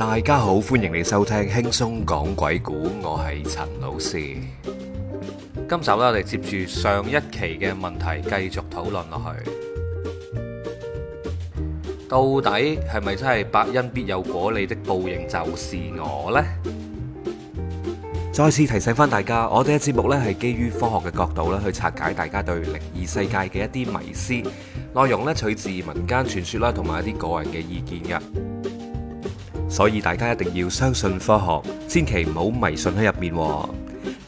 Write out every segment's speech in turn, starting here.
大家好，歡迎你收聽輕鬆講鬼故。我係陳老師。今集咧，我哋接住上一期嘅問題繼續討論落去，到底係咪真係百因必有果，你的報應就是我呢。再次提醒翻大家，我哋嘅節目呢係基於科學嘅角度咧去拆解大家對靈異世界嘅一啲迷思，內容咧取自民間傳說啦，同埋一啲個人嘅意見嘅。所以大家一定要相信科學，千祈唔好迷信喺入面，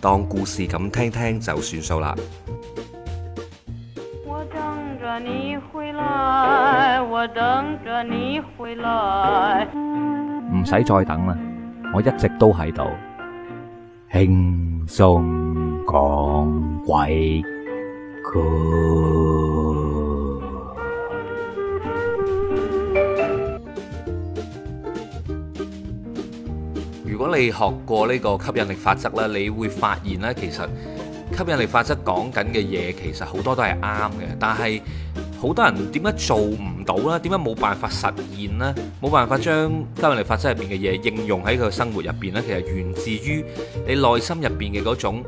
當故事咁聽聽就算數啦。我等著你回來，我等著你回來。唔使再等啦，我一直都喺度，輕鬆講鬼故事。如果你學過呢個吸引力法則咧，你會發現咧，其實吸引力法則講緊嘅嘢其實好多都係啱嘅，但係好多人點解做唔到咧？點解冇辦法實現呢？冇辦法將吸引力法則入邊嘅嘢應用喺佢嘅生活入邊咧？其實源自於你內心入邊嘅嗰種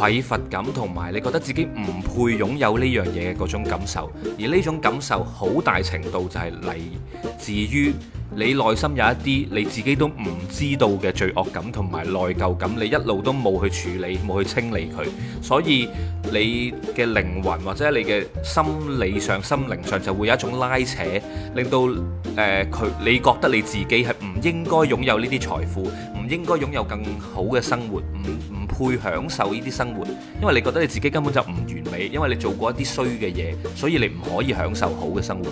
匱乏感同埋你覺得自己唔配擁有呢樣嘢嘅嗰種感受，而呢種感受好大程度就係嚟自於你內心有一啲你自己都唔知道嘅罪惡感同埋內疚感，你一路都冇去處理冇去清理佢，所以你嘅靈魂或者你嘅心理上、心靈上就會有一種拉扯，令到誒佢、呃、你覺得你自己係唔應該擁有呢啲財富，唔應該擁有更好嘅生活，唔、嗯。會享受呢啲生活，因為你覺得你自己根本就唔完美，因為你做過一啲衰嘅嘢，所以你唔可以享受好嘅生活。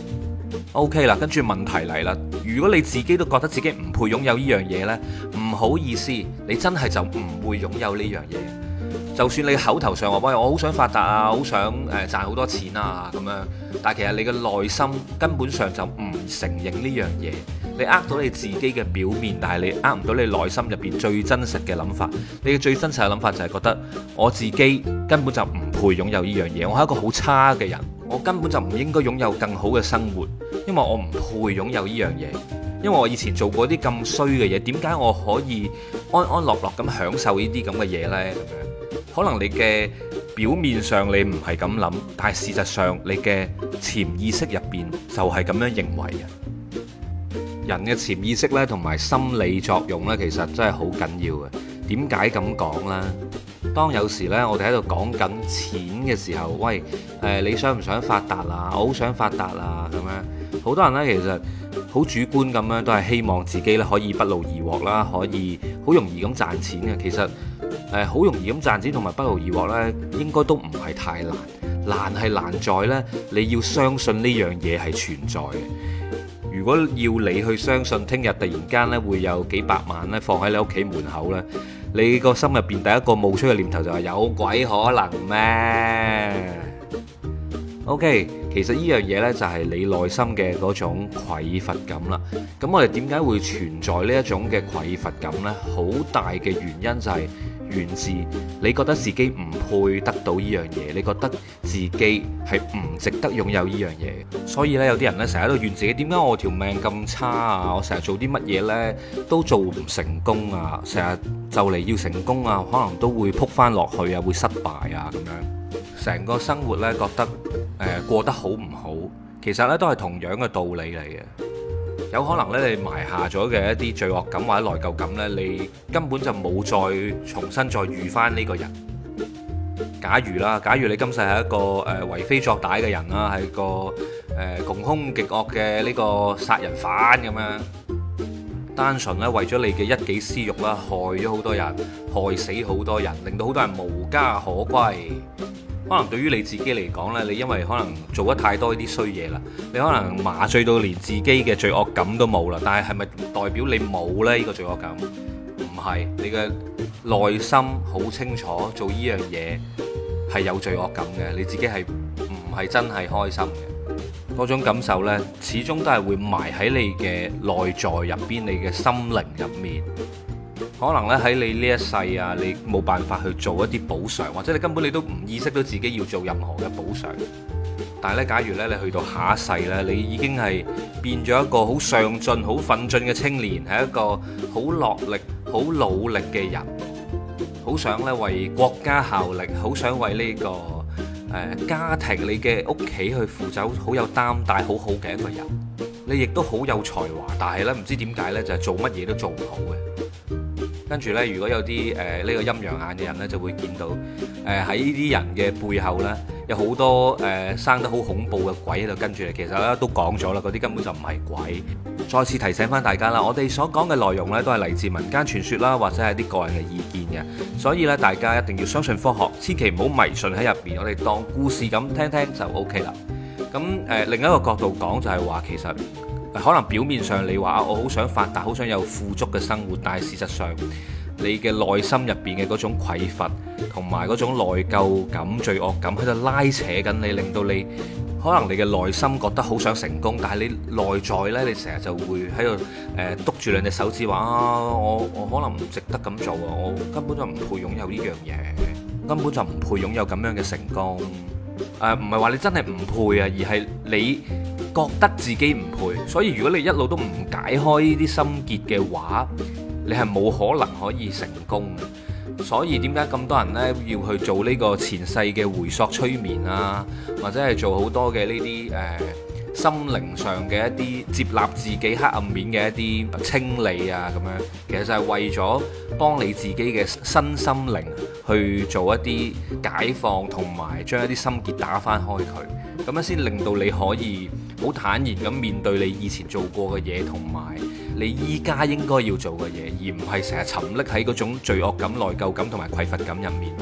OK 啦，跟住問題嚟啦，如果你自己都覺得自己唔配擁有呢樣嘢呢，唔好意思，你真係就唔會擁有呢樣嘢。就算你口頭上話喂，我好想發達啊，好想誒賺好多錢啊咁樣，但係其實你嘅內心根本上就唔承認呢樣嘢。你呃到你自己嘅表面，但係你呃唔到你內心入邊最真實嘅諗法。你嘅最真實嘅諗法就係覺得我自己根本就唔配擁有呢樣嘢。我係一個好差嘅人，我根本就唔應該擁有更好嘅生活，因為我唔配擁有呢樣嘢。因為我以前做過啲咁衰嘅嘢，點解我可以安安樂樂咁享受這這呢啲咁嘅嘢咧？可能你嘅表面上你唔係咁諗，但係事實上你嘅潛意識入邊就係咁樣認為嘅。人嘅潛意識咧，同埋心理作用咧，其實真係好緊要嘅。點解咁講呢？當有時咧，我哋喺度講緊錢嘅時候，喂，誒、呃，你想唔想發達啊？我好想發達啊，咁樣好多人呢，其實好主觀咁樣，都係希望自己咧可以不勞而獲啦，可以好容易咁賺錢嘅。其實誒，好、呃、容易咁賺錢同埋不勞而獲呢，應該都唔係太難。難係難在呢，你要相信呢樣嘢係存在嘅。如果要你去相信，聽日突然間咧會有幾百萬咧放喺你屋企門口咧，你個心入邊第一個冒出嘅念頭就係有鬼可能咩？OK。其實呢樣嘢呢，就係你內心嘅嗰種匱乏感啦。咁我哋點解會存在呢一種嘅匱乏感呢？好大嘅原因就係源自你覺得自己唔配得到呢樣嘢，你覺得自己係唔值得擁有呢樣嘢。所以咧，有啲人呢，成日喺度怨自己，點解我條命咁差啊？我成日做啲乜嘢呢？都做唔成功啊！成日就嚟要成功啊，可能都會撲翻落去啊，會失敗啊咁樣，成個生活呢，覺得。過得好唔好？其實都係同樣嘅道理嚟嘅。有可能你埋下咗嘅一啲罪惡感或者內疚感，你根本就冇再重新再遇返呢個人。假如啦，假如你今世係一個為非作歹嘅人啦，係個窮兇極惡嘅呢個殺人犯，咁樣，單純呢，為咗你嘅一己私欲啦，害咗好多人，害死好多人，令到好多人無家可歸，可能對於你自己嚟講，呢你因為可能做得太多呢啲衰嘢啦，你可能麻醉到連自己嘅罪惡感都冇啦。但係係咪代表你冇呢？呢個罪惡感唔係，你嘅內心好清楚，做呢樣嘢係有罪惡感嘅。你自己係唔係真係開心嘅？嗰種感受呢，始終都係會埋喺你嘅內在入邊，你嘅心靈入面。可能咧喺你呢一世啊，你冇辦法去做一啲補償，或者你根本你都唔意識到自己要做任何嘅補償。但係咧，假如咧你去到下一世咧，你已經係變咗一個好上進、好奮進嘅青年，係一個好落力、好努力嘅人，好想咧為國家效力，好想為呢、這個誒、呃、家庭、你嘅屋企去輔佐，有好有擔戴、好好嘅一個人。你亦都好有才華，但係咧唔知點解咧就係、是、做乜嘢都做唔好嘅。跟住呢，如果有啲誒呢個陰陽眼嘅人呢，就會見到誒喺呢啲人嘅背後呢，有好多誒、呃、生得好恐怖嘅鬼喺度。跟住嚟。其實呢都講咗啦，嗰啲根本就唔係鬼。再次提醒翻大家啦，我哋所講嘅內容呢，都係嚟自民間傳說啦，或者係啲個人嘅意見嘅，所以呢，大家一定要相信科學，千祈唔好迷信喺入邊。我哋當故事咁聽聽就 OK 啦。咁誒、呃、另一個角度講就係話，其實。可能表面上你話我好想發達，好想有富足嘅生活，但係事實上你嘅內心入邊嘅嗰種匱乏同埋嗰種內疚感、罪惡感喺度拉扯緊你，令到你可能你嘅內心覺得好想成功，但係你內在呢，你成日就會喺度誒篤住兩隻手指話、啊：我我可能唔值得咁做啊，我根本就唔配擁有呢樣嘢，根本就唔配擁有咁樣嘅成功。誒、呃，唔係話你真係唔配啊，而係你。覺得自己唔配，所以如果你一路都唔解開呢啲心結嘅話，你係冇可能可以成功。所以點解咁多人呢，要去做呢個前世嘅回溯催眠啊，或者係做好多嘅呢啲誒心靈上嘅一啲接納自己黑暗面嘅一啲清理啊咁樣，其實就係為咗幫你自己嘅新心靈去做一啲解放，同埋將一啲心結打翻開佢，咁樣先令到你可以。好坦然咁面對你以前做過嘅嘢，同埋你依家應該要做嘅嘢，而唔係成日沉溺喺嗰種罪惡感、內疚感同埋愧罰感入面。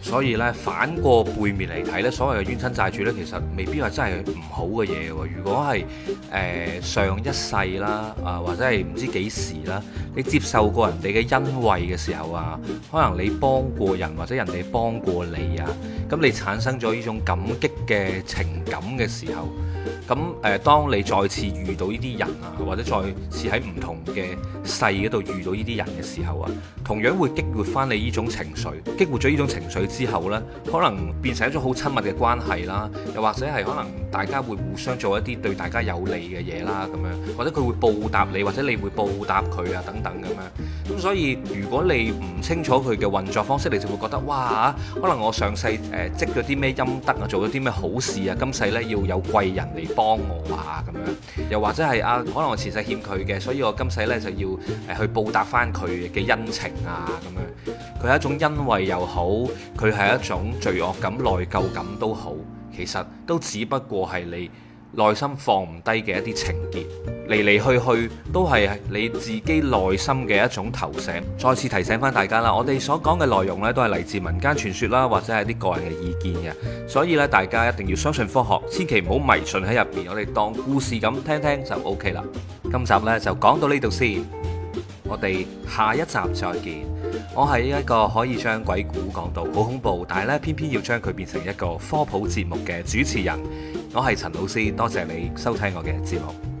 所以呢，反過背面嚟睇呢，所謂嘅冤親債主呢，其實未必話真係唔好嘅嘢喎。如果係誒、呃、上一世啦，啊或者係唔知幾時啦，你接受過人哋嘅恩惠嘅時候啊，可能你幫過人或者人哋幫過你啊，咁你產生咗呢種感激嘅情感嘅時候。咁誒，當你再次遇到呢啲人啊，或者再次喺唔同嘅世嗰度遇到呢啲人嘅時候啊，同樣會激活翻你呢種情緒。激活咗呢種情緒之後呢，可能變成一種好親密嘅關係啦，又或者係可能大家會互相做一啲對大家有利嘅嘢啦，咁樣或者佢會報答你，或者你會報答佢啊，等等咁樣。咁所以如果你唔清楚佢嘅運作方式，你就會覺得哇，可能我上世誒積咗啲咩陰德啊，做咗啲咩好事啊，今世呢要有貴人嚟幫我啊咁樣，又或者係啊，可能我前世欠佢嘅，所以我今世呢就要誒去報答返佢嘅恩情啊咁樣。佢係一種恩惠又好，佢係一種罪惡感、內疚感都好，其實都只不過係你內心放唔低嘅一啲情結。嚟嚟去去都係你自己內心嘅一種投射。再次提醒返大家啦，我哋所講嘅內容咧都係嚟自民間傳說啦，或者係啲個人嘅意見嘅，所以咧大家一定要相信科學，千祈唔好迷信喺入邊。我哋當故事咁聽聽就 O K 啦。今集呢，就講到呢度先，我哋下一集再見。我係一個可以將鬼故講到好恐怖，但係咧偏偏要將佢變成一個科普節目嘅主持人。我係陳老師，多謝你收聽我嘅節目。